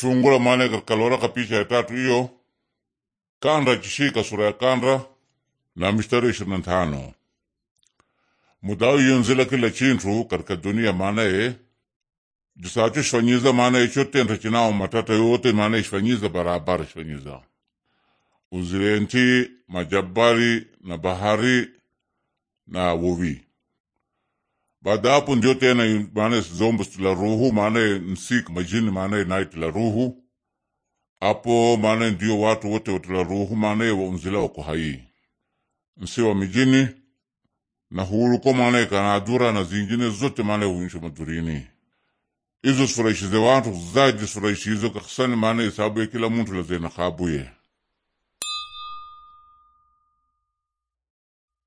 shungula mane kakalora picha ya tatu hiyo kanda chishika sura ya kanda na mistari ishirini na tano mudau yonzila kila chintu katika dunia maanaye jisacho shifanyiza maana chotenda chinao matata yote maanaye shifanyiza barabara shifanyiza uzirenti majabari na bahari na wovi baada ndio tena maana zombo la ruhu maana nsik majini maana naitila ruhu hapo maana ndio watu wote la ruhu maana waunzila wako hai nsi wa mijini na huruko maana kanadura na zingine zote maana uisha madurini izo suraishize watu zaidi suraishizo kaksani maana isabuye kila muntu lazena khabuye